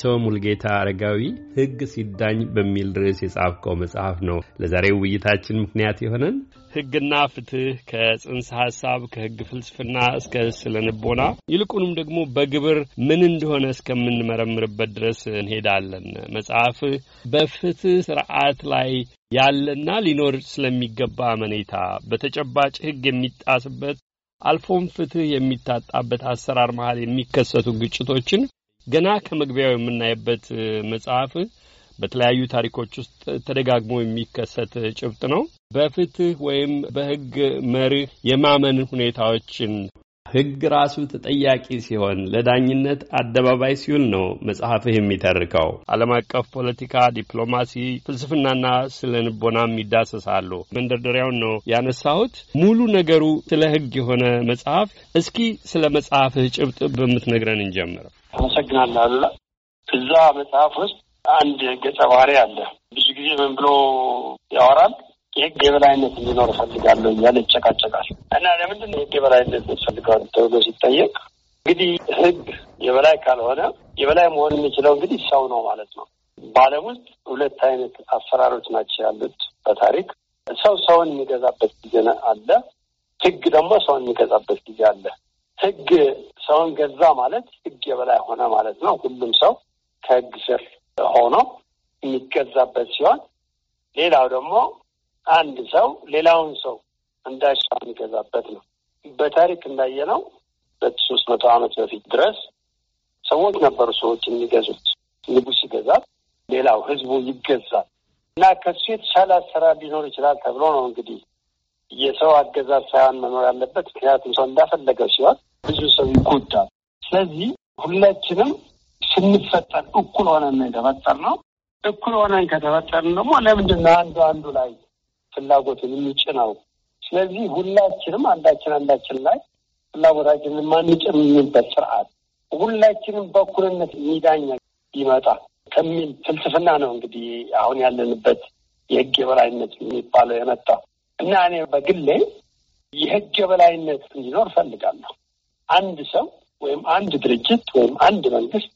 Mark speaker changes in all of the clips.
Speaker 1: አንተ ሙልጌታ አረጋዊ ሕግ ሲዳኝ በሚል ርዕስ የጻፍከው መጽሐፍ ነው ለዛሬው ውይይታችን ምክንያት የሆነን። ሕግና ፍትህ ከጽንሰ ሀሳብ ከሕግ ፍልስፍና እስከ ስለንቦና ይልቁንም ደግሞ በግብር ምን እንደሆነ እስከምንመረምርበት ድረስ እንሄዳለን። መጽሐፍ በፍትህ ስርዓት ላይ ያለና ሊኖር ስለሚገባ አመኔታ በተጨባጭ ሕግ የሚጣስበት አልፎም ፍትህ የሚታጣበት አሰራር መሀል የሚከሰቱ ግጭቶችን ገና ከመግቢያው የምናይበት መጽሐፍ በተለያዩ ታሪኮች ውስጥ ተደጋግሞ የሚከሰት ጭብጥ ነው። በፍትህ ወይም በህግ መርህ የማመን ሁኔታዎችን ህግ ራሱ ተጠያቂ ሲሆን ለዳኝነት አደባባይ ሲውል ነው መጽሐፍህ የሚተርከው። ዓለም አቀፍ ፖለቲካ፣ ዲፕሎማሲ፣ ፍልስፍናና ስለ ንቦናም ይዳሰሳሉ። መንደርደሪያውን ነው ያነሳሁት። ሙሉ ነገሩ ስለ ህግ የሆነ መጽሐፍ። እስኪ ስለ መጽሐፍህ ጭብጥ በምትነግረን እንጀምረው።
Speaker 2: አመሰግናለሁ። አሉላ እዛ መጽሐፍ ውስጥ አንድ ገጸ ባህሪ አለ። ብዙ ጊዜ ምን ብሎ ያወራል? የህግ የበላይነት እንዲኖር እፈልጋለሁ እያለ ይጨቃጨቃል። እና ለምንድን ነው የህግ የበላይነት ፈልገዋል ተብሎ ሲጠየቅ እንግዲህ ህግ የበላይ ካልሆነ የበላይ መሆን የሚችለው እንግዲህ ሰው ነው ማለት ነው። በዓለም ውስጥ ሁለት አይነት አሰራሮች ናቸው ያሉት በታሪክ ሰው ሰውን የሚገዛበት ጊዜ አለ። ህግ ደግሞ ሰውን የሚገዛበት ጊዜ አለ። ህግ ሰውን ገዛ ማለት ህግ የበላይ ሆነ ማለት ነው። ሁሉም ሰው ከህግ ስር ሆኖ የሚገዛበት ሲሆን፣ ሌላው ደግሞ አንድ ሰው ሌላውን ሰው እንዳሻ የሚገዛበት ነው። በታሪክ እንዳየነው ሁለት ሶስት መቶ ዓመት በፊት ድረስ ሰዎች ነበሩ ሰዎች የሚገዙት። ንጉስ ይገዛል፣ ሌላው ህዝቡ ይገዛል እና ከሱ የተሻለ አሰራር ሊኖር ይችላል ተብሎ ነው እንግዲህ የሰው አገዛዝ ሳይሆን መኖር ያለበት ምክንያቱም ሰው እንዳፈለገው ሲሆን ብዙ ሰው ይጎዳል። ስለዚህ ሁላችንም ስንፈጠር እኩል ሆነን ነው የተፈጠርነው። እኩል ሆነን ከተፈጠርን ደግሞ ለምንድን ነው አንዱ አንዱ ላይ ፍላጎትን የሚጭነው? ስለዚህ ሁላችንም አንዳችን አንዳችን ላይ ፍላጎታችንን ማንጭንበት ስርዓት ሁላችንም በእኩልነት ሚዳኛ ይመጣ ከሚል ፍልስፍና ነው እንግዲህ አሁን ያለንበት የህግ የበላይነት የሚባለው የመጣው እና እኔ በግሌ የህግ የበላይነት እንዲኖር እፈልጋለሁ። አንድ ሰው ወይም አንድ ድርጅት ወይም አንድ መንግስት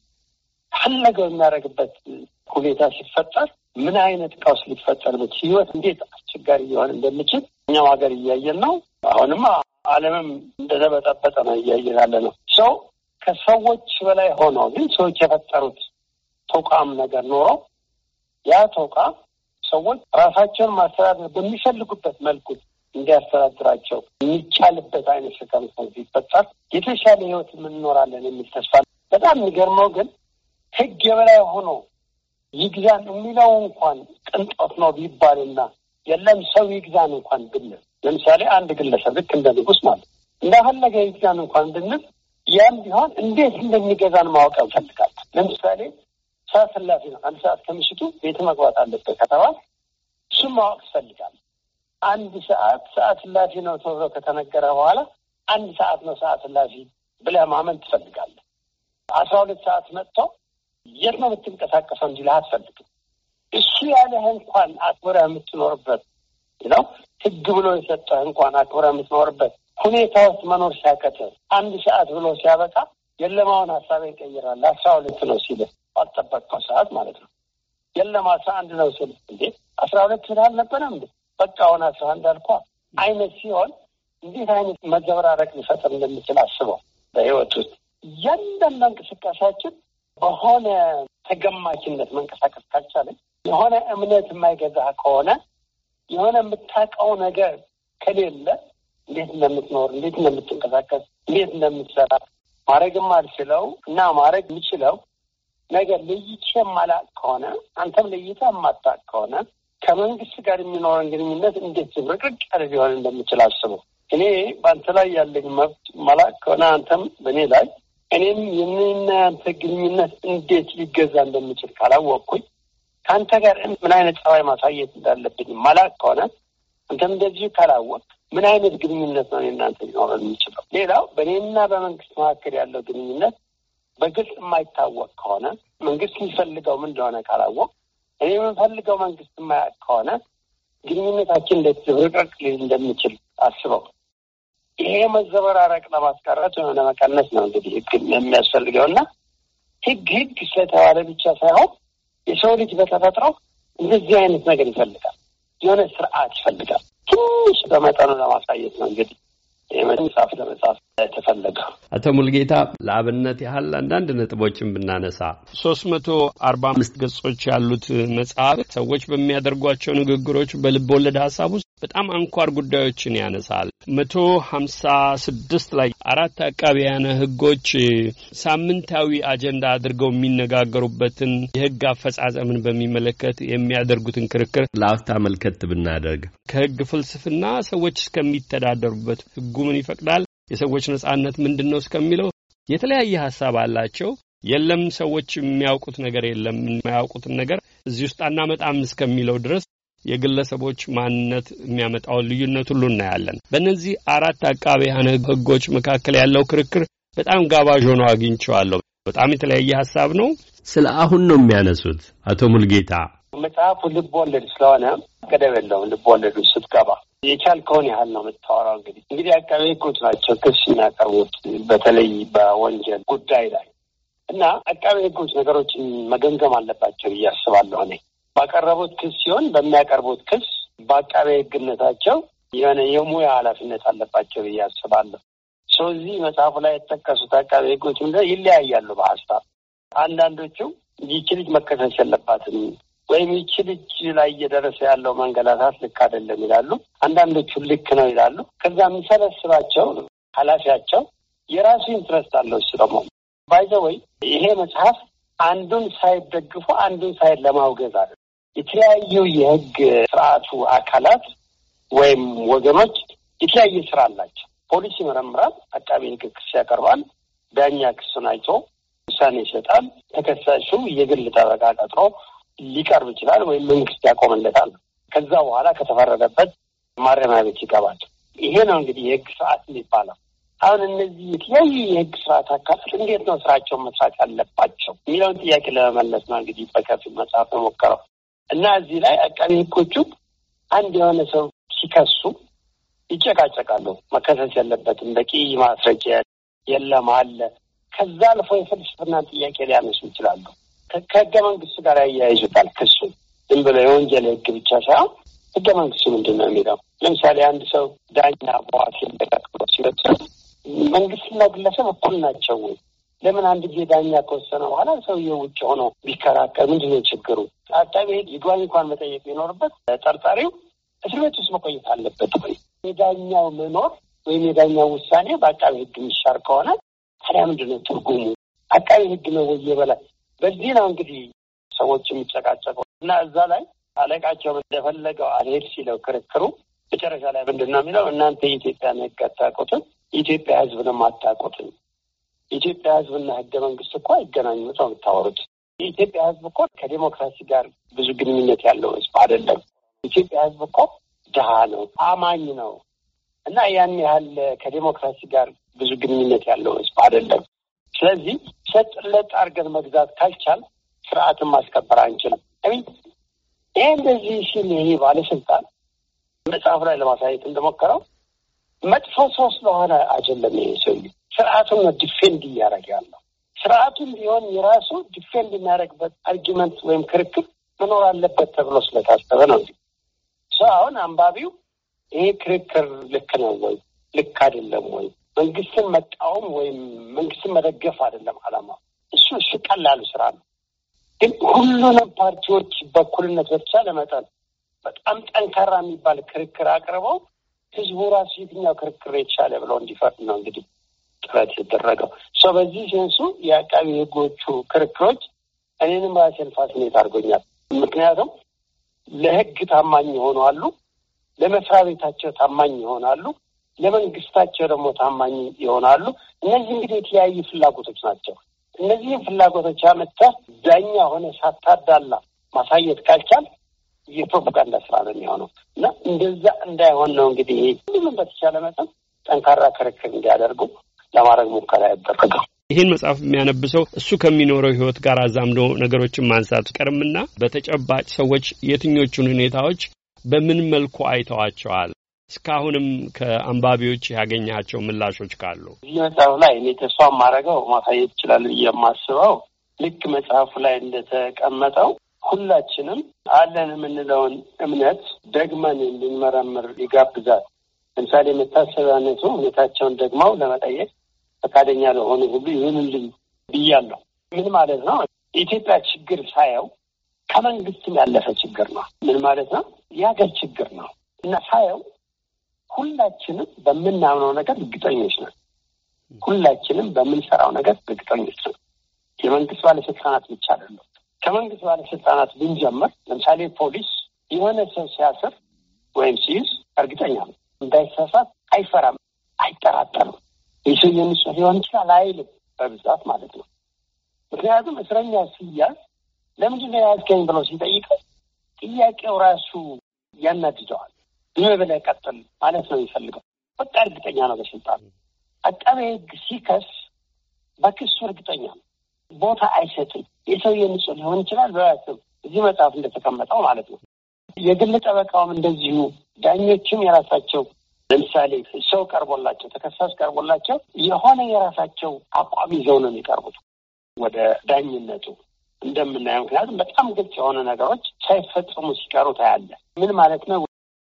Speaker 2: ፈለገው የሚያደርግበት ሁኔታ ሲፈጠር ምን አይነት ቀውስ ሊፈጠርበት ህይወት እንዴት አስቸጋሪ ሊሆን እንደሚችል እኛው ሀገር እያየን ነው። አሁንማ ዓለምም እንደተበጠበጠ ነው እያየን ያለ ነው። ሰው ከሰዎች በላይ ሆኖ ግን ሰዎች የፈጠሩት ተቋም ነገር ኖሮ ያ ተቋም ሰዎች ራሳቸውን ማስተዳደር በሚፈልጉበት መልኩ እንዲያስተዳድራቸው የሚቻልበት አይነት ስከምሰን ሲፈጠር የተሻለ ህይወት የምንኖራለን የሚል ተስፋ። በጣም የሚገርመው ግን ህግ የበላይ ሆኖ ይግዛን የሚለው እንኳን ቅንጦት ነው ቢባልና የለም ሰው ይግዛን እንኳን ብንል፣ ለምሳሌ አንድ ግለሰብ ልክ እንደ ንጉስ ማለት እንዳፈለገ ይግዛን እንኳን ብንል ያም ቢሆን እንዴት እንደሚገዛን ማወቅ ያንፈልጋል። ለምሳሌ ሰዓት እላፊ ነው። አንድ ሰዓት ከምሽቱ ቤት መግባት አለበት ከተባ እሱም ማወቅ ይፈልጋል። አንድ ሰዓት ሰዓት እላፊ ነው ተብሎ ከተነገረ በኋላ አንድ ሰዓት ነው ሰዓት እላፊ ብለህ ማመን ትፈልጋለህ። አስራ ሁለት ሰዓት መጥቶ የት ነው የምትንቀሳቀሰው እንዲልህ አትፈልግም። እሱ ያለህ እንኳን አክብረህ የምትኖርበት ነው ህግ ብሎ የሰጠህ እንኳን አክብረህ የምትኖርበት ሁኔታ ውስጥ መኖር ሲያቀትህ አንድ ሰዓት ብሎ ሲያበቃ የለማውን ሀሳብ ይቀይራል። አስራ ሁለት ነው ሲል አልጠበቅከው ሰዓት ማለት ነው። የለም አስራ አንድ ነው ስል እንዴ አስራ ሁለት ስል አልነበረም እንዴ በቃ አሁን አስራ አንድ አልኳ አይነት ሲሆን እንዴት አይነት መዘበራረቅ ሊፈጥር እንደሚችል አስበው። በህይወት ውስጥ እያንዳንዱ እንቅስቃሴያችን በሆነ ተገማችነት መንቀሳቀስ ካልቻለን፣ የሆነ እምነት የማይገዛ ከሆነ፣ የሆነ የምታውቀው ነገር ከሌለ እንዴት እንደምትኖር፣ እንዴት እንደምትንቀሳቀስ፣ እንዴት እንደምትሰራ ማድረግም አልችለው እና ማድረግ የምችለው ነገር ለይቼ የማላቅ ከሆነ አንተም ለይተህ የማታቅ ከሆነ ከመንግስት ጋር የሚኖረን ግንኙነት እንዴት ዝብርቅርቅ ያለ ሊሆን እንደምችል አስበው። እኔ በአንተ ላይ ያለኝ መብት መላክ ከሆነ አንተም በእኔ ላይ እኔም የምንና ያንተ ግንኙነት እንዴት ሊገዛ እንደምችል ካላወቅኩኝ ከአንተ ጋር ምን አይነት ጸባይ ማሳየት እንዳለብኝ መላክ ከሆነ አንተም እንደዚህ ካላወቅ ምን አይነት ግንኙነት ነው እናንተ ሊኖረ የሚችለው? ሌላው በእኔና በመንግስት መካከል ያለው ግንኙነት በግልጽ የማይታወቅ ከሆነ መንግስት የሚፈልገው ምን እንደሆነ ካላወቅ እኔ የምፈልገው መንግስት ማያቅ ከሆነ ግንኙነታችን እንዴት ዝብርቅርቅ ሊል እንደሚችል አስበው። ይሄ መዘበራረቅ ለማስቀረት የሆነ መቀነስ ነው እንግዲህ ህግ የሚያስፈልገው እና ህግ ህግ ስለተባለ ብቻ ሳይሆን የሰው ልጅ በተፈጥሮ እንደዚህ አይነት ነገር ይፈልጋል። የሆነ ስርዓት ይፈልጋል። ትንሽ በመጠኑ ለማሳየት ነው እንግዲህ መጽሐፍ ለመጽሐፍ
Speaker 1: ተፈለገ። አቶ ሙልጌታ ለአብነት ያህል አንዳንድ ነጥቦችን ብናነሳ ሶስት መቶ አርባ አምስት ገጾች ያሉት መጽሐፍ ሰዎች በሚያደርጓቸው ንግግሮች በልብ ወለድ ሀሳብ ውስጥ በጣም አንኳር ጉዳዮችን ያነሳል። መቶ ሀምሳ ስድስት ላይ አራት አቃቢያነ ህጎች ሳምንታዊ አጀንዳ አድርገው የሚነጋገሩበትን የህግ አፈጻጸምን በሚመለከት የሚያደርጉትን ክርክር ለአፍታ መልከት ብናደርግ ከህግ ፍልስፍና ሰዎች እስከሚተዳደሩበት ህጉ ምን ይፈቅዳል፣ የሰዎች ነጻነት ምንድን ነው እስከሚለው የተለያየ ሀሳብ አላቸው። የለም ሰዎች የሚያውቁት ነገር የለም የማያውቁትን ነገር እዚህ ውስጥ አናመጣም እስከሚለው ድረስ የግለሰቦች ማንነት የሚያመጣውን ልዩነት ሁሉ እናያለን። በእነዚህ አራት አቃቤ ህጎች መካከል ያለው ክርክር በጣም ጋባዥ ሆኖ አግኝቼዋለሁ። በጣም የተለያየ ሀሳብ ነው። ስለ አሁን ነው የሚያነሱት አቶ ሙልጌታ።
Speaker 2: መጽሐፉ ልብ ወለድ ስለሆነ ቀደም የለውም። ልብ ወለዱ ስትገባ የቻልከውን ያህል ነው የምታወራው። እንግዲህ እንግዲህ አቃቤ ህጎች ናቸው ክስ የሚያቀርቡት በተለይ በወንጀል ጉዳይ ላይ እና አቃቤ ህጎች ነገሮችን መገምገም አለባቸው ብዬ አስባለሁ እኔ ባቀረቡት ክስ ሲሆን በሚያቀርቡት ክስ በአቃቤ ሕግነታቸው የሆነ የሙያ ኃላፊነት አለባቸው ብዬ አስባለሁ። ስለዚህ መጽሐፉ ላይ የተጠቀሱት አቃቤ ሕጎች ምንድነው ይለያያሉ በሀሳብ አንዳንዶቹ ይቺ ልጅ መከሰስ የለባትም ወይም ይቺ ልጅ ላይ እየደረሰ ያለው መንገላታት ልክ አይደለም ይላሉ። አንዳንዶቹ ልክ ነው ይላሉ። ከዛ የሚሰበስባቸው ኃላፊያቸው የራሱ ኢንትረስት አለው። እሱ ደግሞ ባይዘ ወይ ይሄ መጽሐፍ አንዱን ሳይድ ደግፎ አንዱን ሳይድ ለማውገዝ አለ የተለያዩ የህግ ስርዓቱ አካላት ወይም ወገኖች የተለያየ ስራ አላቸው። ፖሊስ ይመረምራል፣ አቃቢ ህግ ክስ ያቀርባል፣ ዳኛ ክሱን አይቶ ውሳኔ ይሰጣል። ተከሳሹ የግል ጠበቃ ቀጥሮ ሊቀርብ ይችላል ወይም መንግስት ያቆምለታል። ከዛ በኋላ ከተፈረደበት ማረሚያ ቤት ይገባል። ይሄ ነው እንግዲህ የህግ ስርዓት የሚባለው። አሁን እነዚህ የተለያዩ የህግ ስርዓት አካላት እንዴት ነው ስራቸውን መስራት ያለባቸው የሚለውን ጥያቄ ለመመለስ ነው እንግዲህ በከፊል መጽሐፍ የሞከረው። እና እዚህ ላይ አቃቤ ህጎቹ አንድ የሆነ ሰው ሲከሱ ይጨቃጨቃሉ። መከሰስ ያለበትም በቂ ማስረጃ የለም አለ። ከዛ አልፎ የፍልስፍና ጥያቄ ሊያነሱ ይችላሉ። ከህገ መንግስቱ ጋር ያያይዙታል። ክሱ ዝም ብሎ የወንጀል ህግ ብቻ ሳይሆን ህገ መንግስቱ ምንድን ነው የሚለው ለምሳሌ አንድ ሰው ዳኛ በዋስ ሲለቀቅ ሲወሰን መንግስትና ግለሰብ እኩል ናቸው ወይ ለምን አንድ ጊዜ ዳኛ ከወሰነ በኋላ ሰውየው ውጭ ሆኖ ቢከራከር ምንድን ነው ችግሩ? አቃቤ ሕግ ይግባኝ እንኳን መጠየቅ ቢኖርበት ተጠርጣሪው እስር ቤት ውስጥ መቆየት አለበት ወይ? የዳኛው መኖር ወይም የዳኛው ውሳኔ በአቃቤ ሕግ የሚሻር ከሆነ ታዲያ ምንድን ነው ትርጉሙ? አቃቤ ሕግ ነው ወይ የበላይ? በዚህ ነው እንግዲህ ሰዎች የሚጨቃጨቀው እና እዛ ላይ አለቃቸው እንደፈለገው አልሄድ ሲለው ክርክሩ መጨረሻ ላይ ምንድን ነው የሚለው እናንተ የኢትዮጵያን ሕግ አታውቁትም፣ የኢትዮጵያ ህዝብ ነው የኢትዮጵያ ህዝብና ህገ መንግስት እኮ አይገናኙ ነው የምታወሩት። የኢትዮጵያ ህዝብ እኮ ከዴሞክራሲ ጋር ብዙ ግንኙነት ያለው ህዝብ አይደለም። የኢትዮጵያ ህዝብ እኮ ድሃ ነው፣ አማኝ ነው እና ያን ያህል ከዴሞክራሲ ጋር ብዙ ግንኙነት ያለው ህዝብ አይደለም። ስለዚህ ሰጥለጥ አድርገን መግዛት ካልቻል ስርዓትን ማስከበር አንችልም። ይህ እንደዚህ ሲል ይሄ ባለስልጣን መጽሐፍ ላይ ለማሳየት እንደሞከረው መጥፎ ሰው ስለሆነ አይደለም ይሄ ሰውዬ ስርዓቱን ነው ዲፌንድ እያደረገ ያለው። ስርዓቱን ቢሆን የራሱ ዲፌንድ የሚያደረግበት አርጊመንት ወይም ክርክር መኖር አለበት ተብሎ ስለታሰበ ነው። ሰው አሁን አንባቢው ይሄ ክርክር ልክ ነው ወይ ልክ አይደለም ወይ መንግስትን መቃወም ወይም መንግስትን መደገፍ አይደለም አላማ እሱ እሱ ቀላሉ ስራ ነው። ግን ሁሉንም ፓርቲዎች በኩልነት በተቻለ መጠን በጣም ጠንካራ የሚባል ክርክር አቅርበው ህዝቡ ራሱ የትኛው ክርክር የተሻለ ብለው እንዲፈርድ ነው እንግዲህ ጥረት የተደረገው ሰው በዚህ ሴንሱ የአቃቢ ህጎቹ ክርክሮች እኔንም ራሴን ፋሲኔት አድርጎኛል። ምክንያቱም ለህግ ታማኝ የሆኑ ለመስሪያ ቤታቸው ታማኝ ይሆናሉ፣ ለመንግስታቸው ደግሞ ታማኝ ይሆናሉ። እነዚህ እንግዲህ የተለያዩ ፍላጎቶች ናቸው። እነዚህም ፍላጎቶች አመተ ዳኛ ሆነ ሳታዳላ ማሳየት ካልቻል የፕሮፓጋንዳ ስራ ነው የሚሆነው እና እንደዛ እንዳይሆን ነው እንግዲህ ሁሉም በተቻለ መጠን ጠንካራ ክርክር እንዲያደርጉ ለማድረግ ሙከራ ያደረገው።
Speaker 1: ይህን መጽሐፍ የሚያነብሰው እሱ ከሚኖረው ህይወት ጋር አዛምዶ ነገሮችን ማንሳት ቀርምና በተጨባጭ ሰዎች የትኞቹን ሁኔታዎች በምን መልኩ አይተዋቸዋል? እስካሁንም ከአንባቢዎች ያገኛቸው ምላሾች ካሉ
Speaker 2: መጽሐፍ ላይ እኔ ተስፋ ማድረገው ማሳየት ይችላል ብዬ የማስበው ልክ መጽሐፉ ላይ እንደተቀመጠው ሁላችንም አለን የምንለውን እምነት ደግመን እንድንመረምር ይጋብዛል። ለምሳሌ የመታሰቢያነቱ እምነታቸውን ደግመው ለመጠየቅ ፈቃደኛ ለሆነ ሁሉ ይሁንልን ብያለሁ። ምን ማለት ነው? የኢትዮጵያ ችግር ሳየው ከመንግስትም ያለፈ ችግር ነው። ምን ማለት ነው? የሀገር ችግር ነው እና ሳየው ሁላችንም በምናምነው ነገር እርግጠኞች ነን። ሁላችንም በምንሰራው ነገር እርግጠኞች ነን። የመንግስት ባለስልጣናት ብቻ አይደለም። ከመንግስት ባለስልጣናት ብንጀምር ለምሳሌ ፖሊስ የሆነ ሰው ሲያስር ወይም ሲይዝ እርግጠኛ ነው። እንዳይሳሳት አይፈራም፣ አይጠራጠርም። የሸየንሽ ሊሆን ይችላል አይልም፣ በብዛት ማለት ነው። ምክንያቱም እስረኛ ሲያዝ ለምንድን ነው የያዝከኝ ብለው ሲጠይቀው ጥያቄው ራሱ ያናድደዋል። ዝም ብለህ ቀጥል ማለት ነው የሚፈልገው። በቃ እርግጠኛ ነው በስልጣን አቃቤ ሕግ ሲከስ በክሱ እርግጠኛ ነው። ቦታ አይሰጥም። የሰውየ ንጹህ ሊሆን ይችላል በያስብ እዚህ መጽሐፍ እንደተቀመጠው ማለት ነው። የግል ጠበቃውም እንደዚሁ፣ ዳኞችም የራሳቸው ለምሳሌ ሰው ቀርቦላቸው ተከሳሽ ቀርቦላቸው የሆነ የራሳቸው አቋም ይዘው ነው የሚቀርቡት ወደ ዳኝነቱ እንደምናየው። ምክንያቱም በጣም ግልጽ የሆነ ነገሮች ሳይፈጽሙ ሲቀሩ ታያለ። ምን ማለት ነው?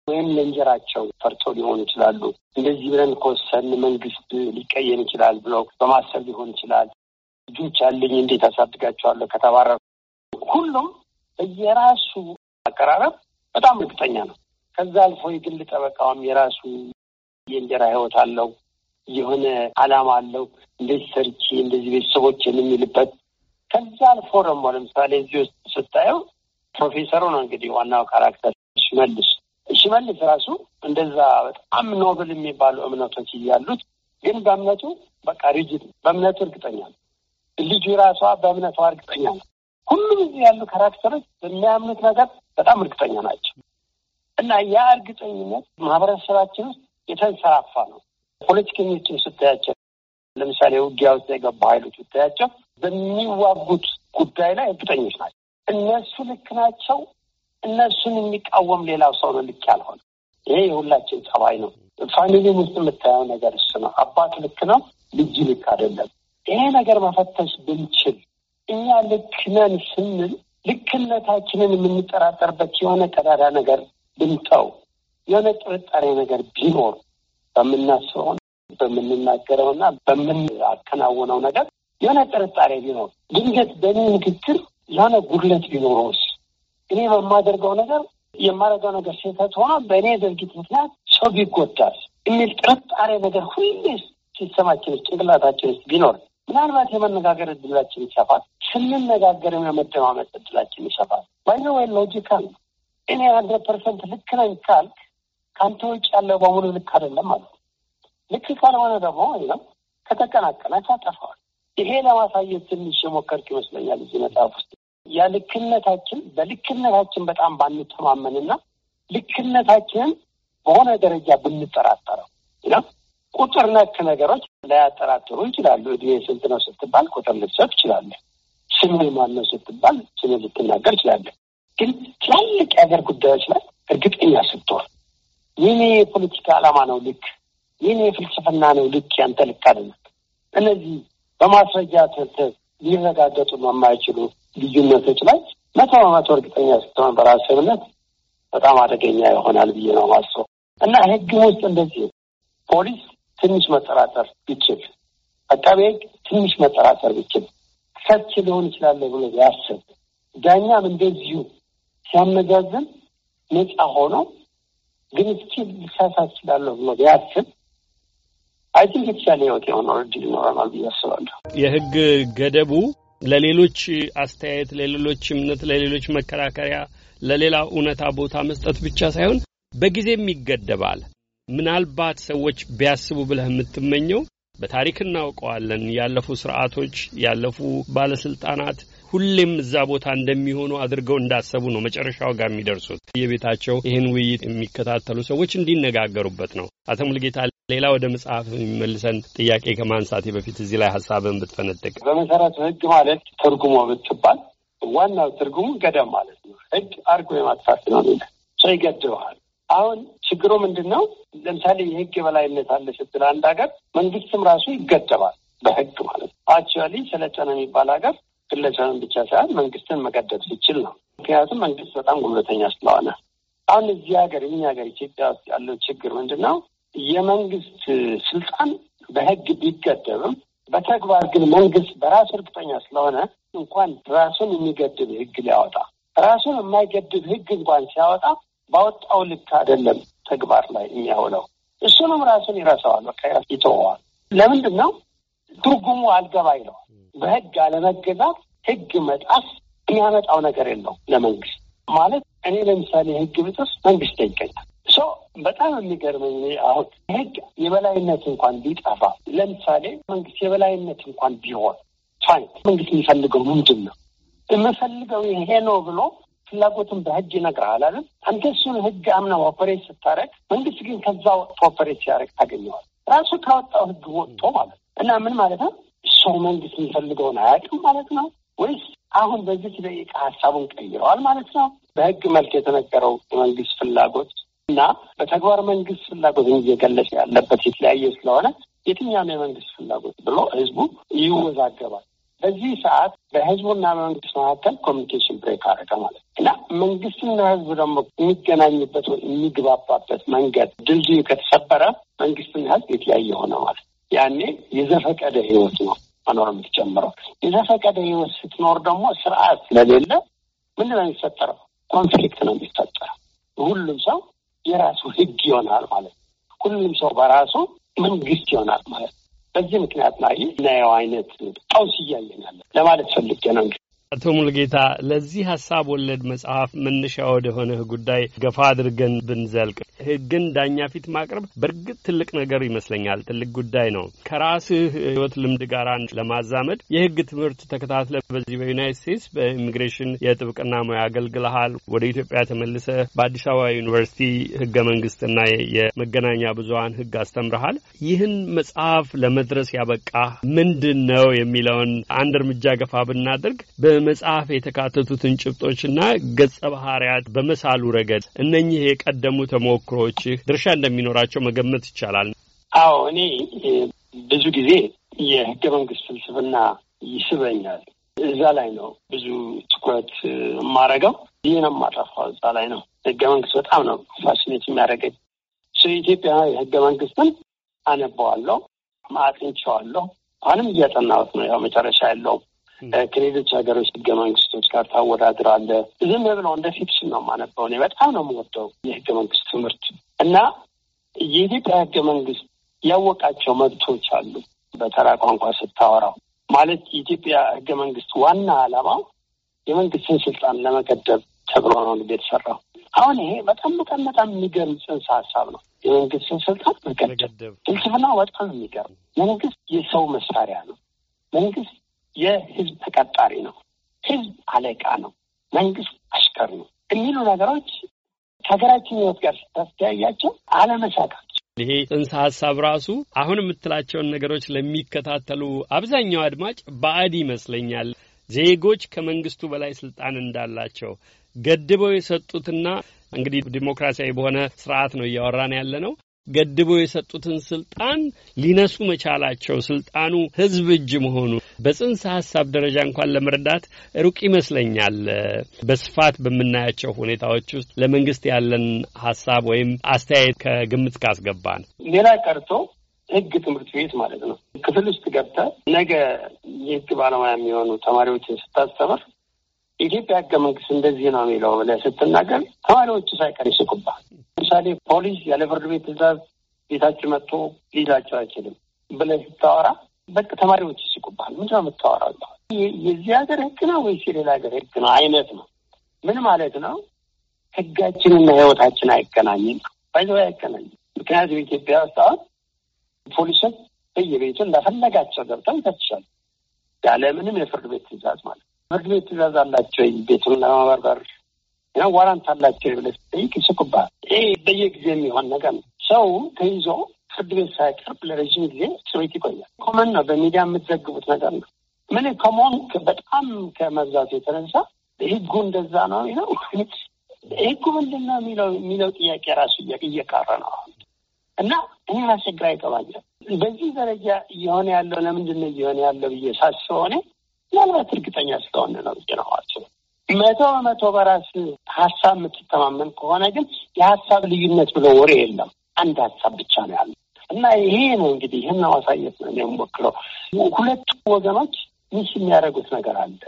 Speaker 2: ወይም ለእንጀራቸው ፈርተው ሊሆኑ ይችላሉ። እንደዚህ ብለን ከወሰን መንግስት ሊቀየም ይችላል ብለው በማሰብ ሊሆን ይችላል። ልጆች አለኝ እንዴት አሳድጋቸዋለሁ ከተባረሩ ሁሉም የራሱ አቀራረብ በጣም እርግጠኛ ነው። ከዛ አልፎ የግል ጠበቃውም የራሱ የእንጀራ ህይወት አለው፣ የሆነ አላማ አለው። እንደዚህ ሰርቼ እንደዚህ ቤተሰቦችን የሚልበት ከዛ አልፎ ደግሞ ለምሳሌ እዚህ ውስጥ ስታየው ፕሮፌሰሩ ነው እንግዲህ ዋናው ካራክተር ሽመልስ ሽመልስ ራሱ እንደዛ በጣም ኖብል የሚባሉ እምነቶች እያሉት ግን በእምነቱ በቃ ሪጅት በእምነቱ እርግጠኛ ነው። ልጁ ራሷ በእምነቷ እርግጠኛ ነው። ሁሉም እዚህ ያሉ ካራክተሮች በሚያምኑት ነገር በጣም እርግጠኛ ናቸው። እና ያ እርግጠኝነት ማህበረሰባችን ውስጥ የተንሰራፋ ነው። ፖለቲከኞችን ስታያቸው፣ ለምሳሌ ውጊያ ውስጥ የገቡ ኃይሎች ስታያቸው በሚዋጉት ጉዳይ ላይ እርግጠኞች ናቸው። እነሱ ልክ ናቸው። እነሱን የሚቃወም ሌላው ሰው ነው ልክ ያልሆነ። ይሄ የሁላችን ጸባይ ነው። ፋሚሊም ውስጥ የምታየው ነገር እሱ ነው። አባት ልክ ነው፣ ልጅ ልክ አይደለም። ይሄ ነገር መፈተሽ ብንችል እኛ ልክ ነን ስንል ልክነታችንን የምንጠራጠርበት የሆነ ቀዳዳ ነገር ብንተው የሆነ ጥርጣሬ ነገር ቢኖር በምናስበው በምንናገረውና በምናከናውነው ነገር የሆነ ጥርጣሬ ቢኖር ድንገት በእኔ ንግግር የሆነ ጉድለት ቢኖረውስ እኔ በማደርገው ነገር የማደርገው ነገር ስህተት ሆኖ በእኔ ድርጊት ምክንያት ሰው ቢጎዳል የሚል ጥርጣሬ ነገር ሁሌ ሲሰማችን ውስጥ ጭንቅላታችን ውስጥ ቢኖር ምናልባት የመነጋገር እድላችን ይሰፋል። ስንነጋገር የመደማመጥ እድላችን ይሰፋል። ባይዘ ወይ ሎጂካል እኔ ሀንድረድ ፐርሰንት ልክ ነኝ ካልክ ከአንተ ውጭ ያለው በሙሉ ልክ አይደለም ማለት ነው። ልክ ካልሆነ ደግሞ ይም ከተቀናቀነ አጠፋዋል። ይሄ ለማሳየት ትንሽ የሞከርክ ይመስለኛል እዚህ መጽሐፍ ውስጥ የልክነታችን በልክነታችን በጣም ባንተማመንና ልክነታችንን በሆነ ደረጃ ብንጠራጠረው ይም ቁጥር ነክ ነገሮች ላያጠራጥሩ ይችላሉ። እድሜ ስንት ነው ስትባል ቁጥር ልትሰጥ ትችላለህ። ስሜ ማነው ስትባል ስሜ ልትናገር ይችላለን። ግን ትላልቅ የሀገር ጉዳዮች ላይ እርግጠኛ ስትሆን የኔ የፖለቲካ ዓላማ ነው ልክ፣ የኔ የፍልስፍና ነው ልክ፣ ያንተ ልክ አይደለም። እነዚህ በማስረጃ ሊረጋገጡ የማይችሉ ልዩነቶች ላይ መቶ በመቶ እርግጠኛ ስትሆን በራስህ እምነት በጣም አደገኛ ይሆናል ብዬ ነው ማስበው እና ህግ ውስጥ እንደዚህ ፖሊስ ትንሽ መጠራጠር ቢችል፣ አቃቤ ህግ ትንሽ መጠራጠር ቢችል ሰች ሊሆን ይችላል ብሎ ያስብ፣ ዳኛም እንደዚሁ ሲያመዛዝን ነፃ ሆኖ ግን እስኪ ልሳሳት እችላለሁ ብሎ ቢያስብ አይ የተሻለ ህይወት የሆነ እድል ይኖረናል ብዬ አስባለሁ።
Speaker 1: የህግ ገደቡ ለሌሎች አስተያየት፣ ለሌሎች እምነት፣ ለሌሎች መከራከሪያ፣ ለሌላ እውነታ ቦታ መስጠት ብቻ ሳይሆን በጊዜም ይገደባል። ምናልባት ሰዎች ቢያስቡ ብለህ የምትመኘው በታሪክ እናውቀዋለን ያለፉ ስርዓቶች፣ ያለፉ ባለስልጣናት ሁሌም እዛ ቦታ እንደሚሆኑ አድርገው እንዳሰቡ ነው መጨረሻው ጋር የሚደርሱት። የቤታቸው ይህን ውይይት የሚከታተሉ ሰዎች እንዲነጋገሩበት ነው። አቶ ሙልጌታ፣ ሌላ ወደ መጽሐፍ የሚመልሰን ጥያቄ ከማንሳቴ በፊት እዚህ ላይ ሀሳብን ብትፈነጥቅ።
Speaker 2: በመሰረቱ ህግ ማለት ትርጉሞ ብትባል ዋናው ትርጉሙ ገደብ ማለት ነው። ህግ አርጎ የማጥፋት ነው። ሰው ይገድበዋል። አሁን ችግሩ ምንድን ነው? ለምሳሌ የህግ የበላይነት አለ ስትል አንድ ሀገር መንግስትም ራሱ ይገደባል በህግ ማለት ነው። አክቹዋሊ ሰለጠነ የሚባል ሀገር ግለሰብን ብቻ ሳይሆን መንግስትን መቀደድ ሲችል ነው። ምክንያቱም መንግስት በጣም ጉልበተኛ ስለሆነ አሁን እዚህ ሀገር እኛ ሀገር ኢትዮጵያ ውስጥ ያለው ችግር ምንድን ነው? የመንግስት ስልጣን በህግ ቢገደብም በተግባር ግን መንግስት በራሱ እርግጠኛ ስለሆነ እንኳን ራሱን የሚገድብ ህግ ሊያወጣ ራሱን የማይገድብ ህግ እንኳን ሲያወጣ ባወጣው ልክ አይደለም ተግባር ላይ የሚያውለው። እሱንም ራሱን ይረሳዋል፣ በቃ ይተወዋል። ለምንድን ነው ትርጉሙ አልገባ ይለዋል። በህግ አለመገዛት ህግ መጣስ የሚያመጣው ነገር የለው ለመንግስት ማለት እኔ ለምሳሌ ህግ ብጥስ መንግስት ይገኛል ሶ በጣም የሚገርመኝ አሁን ህግ የበላይነት እንኳን ቢጠፋ ለምሳሌ መንግስት የበላይነት እንኳን ቢሆን ፋይን መንግስት የሚፈልገው ምንድን ነው? የምፈልገው ይሄ ነው ብሎ ፍላጎትን በህግ ይነግርሃል አይደል? አንተ እሱን ህግ አምና ኦፐሬት ስታደርግ፣ መንግስት ግን ከዛ ኦፐሬት ሲያደረግ ታገኘዋል ራሱ ካወጣው ህግ ወጥቶ ማለት ነው እና ምን ማለት ነው ሰው መንግስት የሚፈልገውን አያውቅም ማለት ነው ወይስ አሁን በዚህ ደቂቃ ሀሳቡን ቀይረዋል ማለት ነው? በህግ መልክ የተነገረው የመንግስት ፍላጎት እና በተግባር መንግስት ፍላጎት እየገለጸ ያለበት የተለያየ ስለሆነ የትኛውም የመንግስት ፍላጎት ብሎ ህዝቡ ይወዛገባል። በዚህ ሰዓት በህዝቡና በመንግስት መካከል ኮሚኒኬሽን ብሬክ አረገ ማለት እና መንግስትና ህዝቡ ደግሞ የሚገናኝበት ወይ የሚግባባበት መንገድ ድልድዩ ከተሰበረ መንግስትና ህዝብ የተለያየ ሆነ ማለት ያኔ የዘፈቀደ ህይወት ነው መኖር የምትጨምረው። የዘፈቀደ ህይወት ስትኖር ደግሞ ስርዓት ስለሌለ ምንድን ነው የሚፈጠረው? ኮንፍሊክት ነው የሚፈጠረው። ሁሉም ሰው የራሱ ህግ ይሆናል ማለት ነው። ሁሉም ሰው በራሱ መንግስት ይሆናል ማለት ነው። በዚህ ምክንያት ላይ ናየው አይነት ቀውስ እያየናለን ለማለት ፈልጌ ነው።
Speaker 1: አቶ ሙልጌታ ለዚህ ሀሳብ ወለድ መጽሐፍ መነሻ ሆነ ጉዳይ ገፋ አድርገን ብንዘልቅ ህግን ዳኛ ፊት ማቅረብ በእርግጥ ትልቅ ነገር ይመስለኛል። ትልቅ ጉዳይ ነው። ከራስህ ህይወት ልምድ ጋር ለማዛመድ የህግ ትምህርት ተከታትለ በዚህ በዩናይት ስቴትስ በኢሚግሬሽን የጥብቅና ሙያ አገልግልሃል። ወደ ኢትዮጵያ ተመልሰ በአዲስ አበባ ዩኒቨርሲቲ ህገ መንግስትና የመገናኛ ብዙሀን ህግ አስተምረሃል። ይህን መጽሐፍ ለመድረስ ያበቃ ምንድን ነው የሚለውን አንድ እርምጃ ገፋ ብናደርግ በመጽሐፍ የተካተቱትን ጭብጦችና ገጸ ባህርያት በመሳሉ ረገድ እነኚህ የቀደሙ ተሞክሮዎችህ ድርሻ እንደሚኖራቸው መገመት ይቻላል።
Speaker 2: አዎ እኔ ብዙ ጊዜ የህገ መንግስት ፍልስፍና ይስበኛል። እዛ ላይ ነው ብዙ ትኩረት የማረገው። ይህ ነው የማጠፋው እዛ ላይ ነው። ህገ መንግስት በጣም ነው ፋሲኔት የሚያደርገኝ። ስለ ኢትዮጵያ የህገ መንግስትን አነባዋለሁ፣ አጥንቼዋለሁ። አሁንም እያጠናሁት ነው። ያው መጨረሻ ያለው ከሌሎች ሀገሮች ህገ መንግስቶች ጋር ታወዳድራለህ። ዝም ብለው እንደ ፊክሽን ነው የማነበው። እኔ በጣም ነው የምወደው የህገ መንግስት ትምህርት እና የኢትዮጵያ ህገ መንግስት ያወቃቸው መብቶች አሉ። በተራ ቋንቋ ስታወራው ማለት የኢትዮጵያ ህገ መንግስት ዋና ዓላማው የመንግስትን ስልጣን ለመገደብ ተብሎ ነው እንግዲህ የተሰራው። አሁን ይሄ በጣም በጣም በጣም የሚገርም ጽንሰ ሀሳብ ነው። የመንግስትን ስልጣን መገደብ ፍልስፍና በጣም የሚገርም መንግስት የሰው መሳሪያ ነው። መንግስት የህዝብ ተቀጣሪ ነው፣ ህዝብ አለቃ ነው፣ መንግስት አሽከር ነው የሚሉ ነገሮች ከሀገራችን ህይወት ጋር ስታስተያያቸው አለመሳካቸው
Speaker 1: ይሄ ጽንሰ ሀሳብ ራሱ አሁን የምትላቸውን ነገሮች ለሚከታተሉ አብዛኛው አድማጭ ባዕድ ይመስለኛል። ዜጎች ከመንግስቱ በላይ ስልጣን እንዳላቸው ገድበው የሰጡትና እንግዲህ ዲሞክራሲያዊ በሆነ ስርዓት ነው እያወራን ያለ ነው ገድበው የሰጡትን ስልጣን ሊነሱ መቻላቸው ስልጣኑ ህዝብ እጅ መሆኑ በጽንሰ ሀሳብ ደረጃ እንኳን ለመረዳት ሩቅ ይመስለኛል። በስፋት በምናያቸው ሁኔታዎች ውስጥ ለመንግስት ያለን ሀሳብ ወይም አስተያየት ከግምት ካስገባን
Speaker 2: ሌላ ቀርቶ ህግ ትምህርት ቤት ማለት ነው። ክፍል ውስጥ ገብተህ ነገ የህግ ባለሙያ የሚሆኑ ተማሪዎችን ስታስተምር የኢትዮጵያ ህገ መንግስት እንደዚህ ነው የሚለው ብለህ ስትናገር ተማሪዎቹ ሳይቀር ይስቁባል። ለምሳሌ ፖሊስ ያለ ፍርድ ቤት ትእዛዝ ቤታችን መጥቶ ሊይዛቸው አይችልም ብለህ ስታወራ በቃ ተማሪዎች ይስቁባል። ምንድን ነው የምታወራው? የዚህ ሀገር ህግ ነው ወይስ የሌላ ሀገር ህግ ነው አይነት ነው። ምን ማለት ነው? ህጋችንና ህይወታችን አይገናኝም፣ ባይዘ አይገናኝም። ምክንያቱም ኢትዮጵያ ውስጥ አሁን ፖሊሶች በየቤቱ እንዳፈለጋቸው ገብተው ይፈትሻሉ፣ ያለምንም የፍርድ ቤት ትእዛዝ ማለት ነው። ፍርድ ቤት ትእዛዝ አላቸው ቤቱን ለማበርበር እና ዋራንት አላቸው ብለህ ስትጠይቅ ይስቁባል። ይህ በየጊዜ የሚሆን ነገር ነው። ሰው ተይዞ ፍርድ ቤት ሳይቀርብ ለረዥም ጊዜ እስር ቤት ይቆያል። ኮመን ነው። በሚዲያ የምትዘግቡት ነገር ነው። ምን ከመሆን በጣም ከመብዛቱ የተነሳ ህጉ እንደዛ ነው ነው ህጉ ምንድን ነው የሚለው የሚለው ጥያቄ ራሱ እየቀረ ነው እና እኔ ራሴ ግራ ይገባኛል። በዚህ ደረጃ እየሆነ ያለው ለምንድን ነው እየሆነ ያለው ብዬ ሳስበው እኔ ምናልባት እርግጠኛ ስለሆነ ነው ዜናዋቸው መቶ በመቶ በራስ ሀሳብ የምትተማመን ከሆነ ግን የሀሳብ ልዩነት ብሎ ወሬ የለም። አንድ ሀሳብ ብቻ ነው ያለ እና ይሄ ነው እንግዲህ ይህን ለማሳየት ነው የምሞክረው። ሁለቱ ወገኖች ምስ የሚያደርጉት ነገር አለ።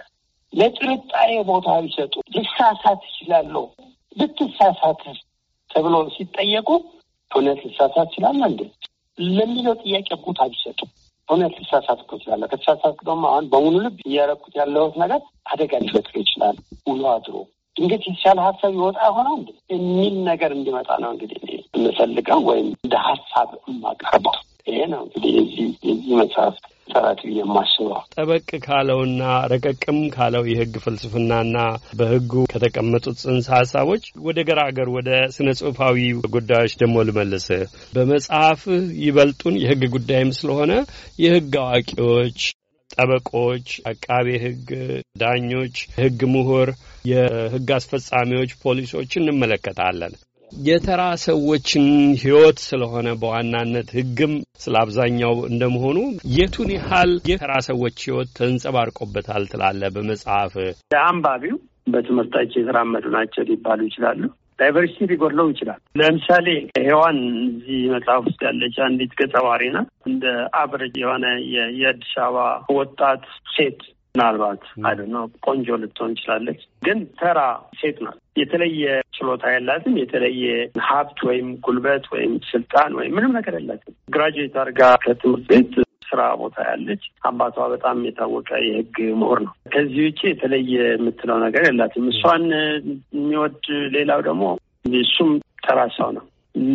Speaker 2: ለጥርጣሬ ቦታ ቢሰጡ ልሳሳት ይችላለሁ፣ ልትሳሳት ተብሎ ሲጠየቁ እውነት ልሳሳት ይችላል እንዴ ለሚለው ጥያቄ ቦታ ቢሰጡ እውነት ልሳሳትኩ እችላለሁ። ከተሳሳትኩ ደግሞ አሁን በሙሉ ልብ እያረኩት ያለሁት ነገር አደጋ ሊፈጥር ይችላል። ውሎ አድሮ እንግዲህ የተሻለ ሀሳብ ይወጣ ሆነ የሚል ነገር እንዲመጣ ነው እንግዲህ የምፈልገው ወይም እንደ ሀሳብ የማቀርበው ይሄ ነው እንግዲህ የዚህ የዚህ መጽሐፍ ጥረት ብዬ የማስበው
Speaker 1: ጠበቅ ካለውና ረቀቅም ካለው የህግ ፍልስፍናና በህጉ ከተቀመጡት ጽንሰ ሀሳቦች ወደ ገራገር ወደ ስነ ጽሁፋዊ ጉዳዮች ደግሞ ልመልስ። በመጽሐፍህ ይበልጡን የህግ ጉዳይም ስለሆነ የህግ አዋቂዎች ጠበቆች፣ አቃቤ ህግ፣ ዳኞች፣ ህግ ምሁር፣ የህግ አስፈጻሚዎች፣ ፖሊሶች እንመለከታለን። የተራ ሰዎችን ህይወት ስለሆነ በዋናነት ህግም ስለ አብዛኛው እንደመሆኑ የቱን ያህል የተራ ሰዎች ህይወት ተንጸባርቆበታል ትላለ በመጽሐፍ
Speaker 2: ለአንባቢው በትምህርታቸው የተራመዱ ናቸው ሊባሉ ይችላሉ። ዳይቨርሲቲ ሊጎድለው ይችላል። ለምሳሌ ሔዋን እዚህ መጽሐፍ ውስጥ ያለች አንዲት ገጸ ባህሪ ናት። እንደ አብረጅ የሆነ የአዲስ አበባ ወጣት ሴት ምናልባት አይደ ቆንጆ ልትሆን ትችላለች፣ ግን ተራ ሴት ናት። የተለየ ችሎታ የላትም። የተለየ ሀብት ወይም ጉልበት ወይም ስልጣን ወይም ምንም ነገር የላትም። ግራጁዌት አድርጋ ከትምህርት ቤት ስራ ቦታ ያለች አባቷ በጣም የታወቀ የህግ ምሁር ነው። ከዚህ ውጭ የተለየ የምትለው ነገር የላትም። እሷን የሚወድ ሌላው ደግሞ እሱም ተራ ሰው ነው።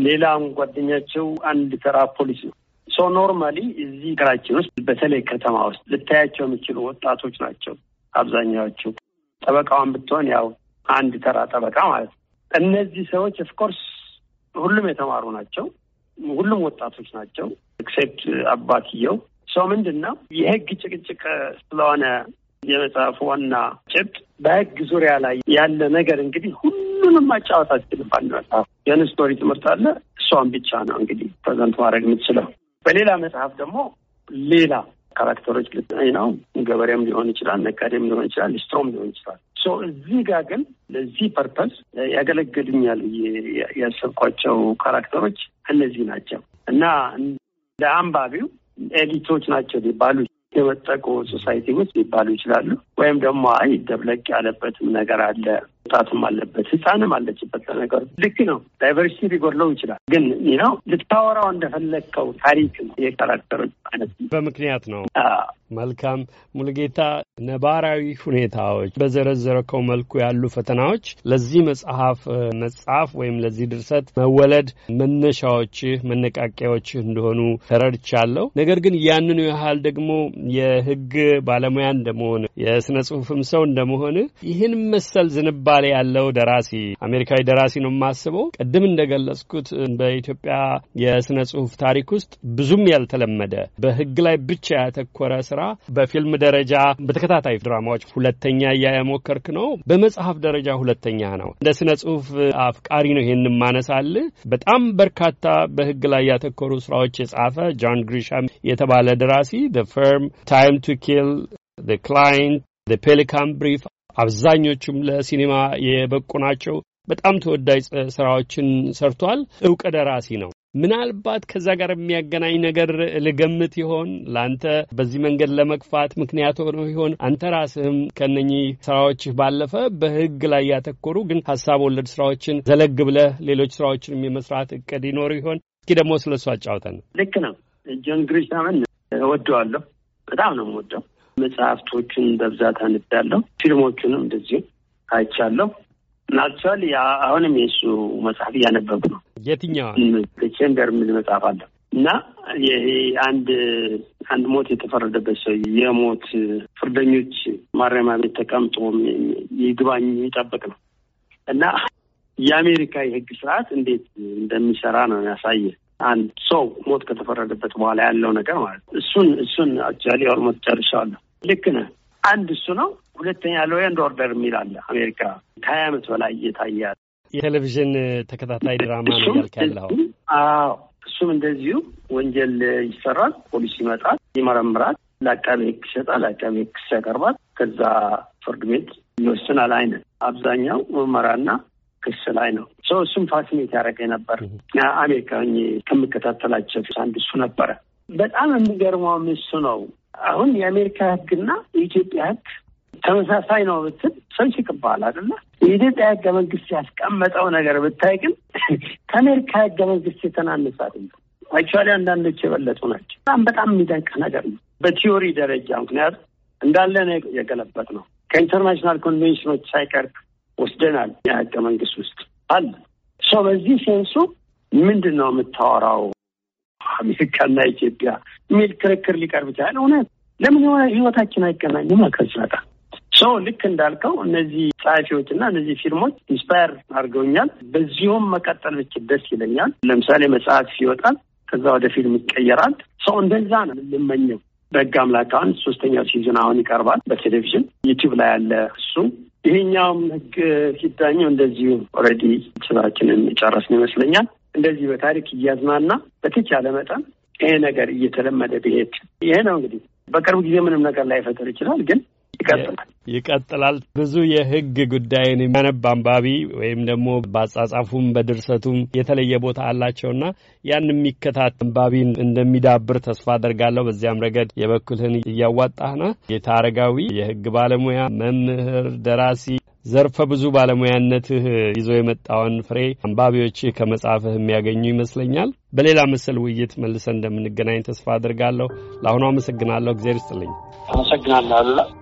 Speaker 2: ሌላም ጓደኛቸው አንድ ተራ ፖሊስ ነው። ሶ ኖርማሊ እዚህ ሀገራችን ውስጥ በተለይ ከተማ ውስጥ ልታያቸው የሚችሉ ወጣቶች ናቸው አብዛኛዎቹ። ጠበቃዋን ብትሆን ያው አንድ ተራ ጠበቃ ማለት ነው። እነዚህ ሰዎች ኦፍኮርስ ሁሉም የተማሩ ናቸው፣ ሁሉም ወጣቶች ናቸው። ኤክሴፕት አባትየው ሶ ምንድን ነው የህግ ጭቅጭቅ ስለሆነ የመጽሐፉ ዋና ጭብጥ በህግ ዙሪያ ላይ ያለ ነገር እንግዲህ ሁሉንም ማጫወት አትችልም። አንድ መጽሐፍ ስቶሪ ትምህርት አለ። እሷን ብቻ ነው እንግዲህ ፕሬዘንት ማድረግ የምትችለው። በሌላ መጽሐፍ ደግሞ ሌላ ካራክተሮች ነው ገበሬም ሊሆን ይችላል፣ ነጋዴም ሊሆን ይችላል፣ ሊስትሮም ሊሆን ይችላል። እዚህ ጋር ግን ለዚህ ፐርፐስ ያገለግልኛል ያሰብኳቸው ካራክተሮች እነዚህ ናቸው እና ለአንባቢው ኤሊቶች ናቸው ሊባሉ የመጠቁ ሶሳይቲ ውስጥ ሊባሉ ይችላሉ። ወይም ደግሞ አይ ደብለቅ ያለበትም ነገር አለ ወጣትም አለበት፣ ህፃንም አለችበት። ለነገሩ ልክ ነው። ዳይቨርሲቲ ሊጎድለው ይችላል። ግን ነው ልታወራው እንደፈለግከው ታሪክ ነው። የካራክተሮች
Speaker 1: አይነት በምክንያት ነው። መልካም ሙልጌታ፣ ነባራዊ ሁኔታዎች በዘረዘረከው መልኩ ያሉ ፈተናዎች ለዚህ መጽሐፍ መጽሐፍ ወይም ለዚህ ድርሰት መወለድ መነሻዎችህ መነቃቂያዎችህ እንደሆኑ ተረድቻለሁ። ነገር ግን ያንኑ ያህል ደግሞ የህግ ባለሙያ እንደመሆን የስነ ጽሁፍም ሰው እንደመሆን ይህን መሰል ዝንባ ዝንባሌ ያለው ደራሲ አሜሪካዊ ደራሲ ነው የማስበው። ቅድም እንደገለጽኩት በኢትዮጵያ የስነ ጽሁፍ ታሪክ ውስጥ ብዙም ያልተለመደ በህግ ላይ ብቻ ያተኮረ ስራ በፊልም ደረጃ በተከታታይ ድራማዎች ሁለተኛ እያ ነው። በመጽሐፍ ደረጃ ሁለተኛ ነው። እንደ ስነ ጽሁፍ አፍቃሪ ነው ይሄን ማነሳል። በጣም በርካታ በህግ ላይ ያተኮሩ ስራዎች የጻፈ ጆን ግሪሻም የተባለ ደራሲ ዘ ፈርም፣ ታይም ቱ ኪል፣ ዘ ክላይንት፣ ዘ ፔሊካን ብሪፍ አብዛኞቹም ለሲኔማ የበቁ ናቸው። በጣም ተወዳጅ ስራዎችን ሰርቷል። እውቅ ደራሲ ነው። ምናልባት ከዛ ጋር የሚያገናኝ ነገር ልገምት ይሆን? ለአንተ በዚህ መንገድ ለመግፋት ምክንያት ሆነ ይሆን? አንተ ራስህም ከነኚህ ስራዎችህ ባለፈ በህግ ላይ ያተኮሩ ግን ሀሳብ ወለድ ስራዎችን ዘለግ ብለህ ሌሎች ስራዎችን የመስራት እቅድ ይኖር ይሆን? እስኪ ደግሞ ስለ እሱ አጫውተን።
Speaker 2: ልክ ነው። ጆን ግሪሻምን እወደዋለሁ። በጣም ነው የምወደው መጽሐፍቶቹን በብዛት አንብቤያለሁ። ፊልሞቹንም እንደዚሁ አይቻለሁ። ናቸዋል አሁንም የእሱ መጽሐፍ እያነበብኩ ነው። የትኛዋ ቼምበር የሚል መጽሐፍ አለ እና ይሄ አንድ አንድ ሞት የተፈረደበት ሰው የሞት ፍርደኞች ማረሚያ ቤት ተቀምጦ ይግባኝ ይጠብቅ ነው እና የአሜሪካ የህግ ስርዓት እንዴት እንደሚሰራ ነው ያሳየ። አንድ ሰው ሞት ከተፈረደበት በኋላ ያለው ነገር ማለት ነው። እሱን እሱን አክቹዋሊ
Speaker 1: ኦልሞስት ጨርሻለሁ። ልክ ነህ።
Speaker 2: አንድ እሱ ነው። ሁለተኛ ሎው ኤንድ ኦርደር የሚል አለ አሜሪካ ከሀያ ዓመት በላይ እየታያል
Speaker 1: የቴሌቪዥን ተከታታይ ድራማ ነው ያልክ ያለው።
Speaker 2: አዎ እሱም እንደዚሁ ወንጀል ይሰራል። ፖሊስ ይመጣል፣ ይመረምራል፣ ለአቃቤ ሕግ ይሰጣል። አቃቤ ሕግ ከዛ ፍርድ ቤት ይወስናል። አይነት አብዛኛው ምርመራና ክስ ላይ ነው። ሰው እሱም ፋሲኔት ያደረገ ነበር። አሜሪካ ከምከታተላቸው አንድ እሱ ነበረ። በጣም የሚገርመው እሱ ነው። አሁን የአሜሪካ ህግና የኢትዮጵያ ህግ ተመሳሳይ ነው ብትል ሰው ይስቅብሃል አይደለ? የኢትዮጵያ ህገ መንግስት ያስቀመጠው ነገር ብታይ ግን ከአሜሪካ ህገ መንግስት የተናነሰ አይደለም። አክቹዋሊ አንዳንዶች የበለጡ ናቸው። በጣም በጣም የሚደንቅ ነገር ነው በቲዮሪ ደረጃ ምክንያቱም እንዳለ ነው የገለበት ነው። ከኢንተርናሽናል ኮንቬንሽኖች ሳይቀር ወስደናል። የህገ መንግስት ውስጥ አለ ሰው በዚህ ሴንሱ ምንድን ነው የምታወራው አሜሪካና ኢትዮጵያ የሚል ክርክር ሊቀርብ ይችላል። እውነት ለምን ህይወታችን አይገናኝም? ከስመጣ ሰው ልክ እንዳልከው እነዚህ ጸሐፊዎች እና እነዚህ ፊልሞች ኢንስፓየር አድርገውኛል። በዚሁም መቀጠል ብች ደስ ይለኛል። ለምሳሌ መጽሐፍ ይወጣል፣ ከዛ ወደ ፊልም ይቀየራል። ሰው እንደዛ ነው ልመኘው። በህግ አምላክ አሁን ሶስተኛው ሲዝን አሁን ይቀርባል በቴሌቪዥን ዩቲዩብ ላይ ያለ እሱ ይሄኛውም ህግ ሲዳኘው እንደዚሁ ኦልሬዲ ስራችንን ጨረስን ይመስለኛል። እንደዚህ በታሪክ እያዝናና በተቻለ መጠን ይሄ ነገር እየተለመደ ብሄድ ይሄ ነው እንግዲህ በቅርብ ጊዜ ምንም ነገር ላይፈጠር ይችላል ግን ይቀጥላል
Speaker 1: ይቀጥላል። ብዙ የህግ ጉዳይን የሚያነብ አንባቢ ወይም ደግሞ በአጻጻፉም በድርሰቱም የተለየ ቦታ አላቸውና ያን የሚከታት አንባቢን እንደሚዳብር ተስፋ አደርጋለሁ። በዚያም ረገድ የበኩልህን እያዋጣህ ነህ። ጌታ አረጋዊ የህግ ባለሙያ መምህር፣ ደራሲ፣ ዘርፈ ብዙ ባለሙያነትህ ይዞ የመጣውን ፍሬ አንባቢዎችህ ከመጽሐፍህ የሚያገኙ ይመስለኛል። በሌላ ምስል ውይይት መልሰን እንደምንገናኝ ተስፋ አድርጋለሁ። ለአሁኑ አመሰግናለሁ። እግዜር ይስጥልኝ።
Speaker 2: አመሰግናለሁ አሉላ።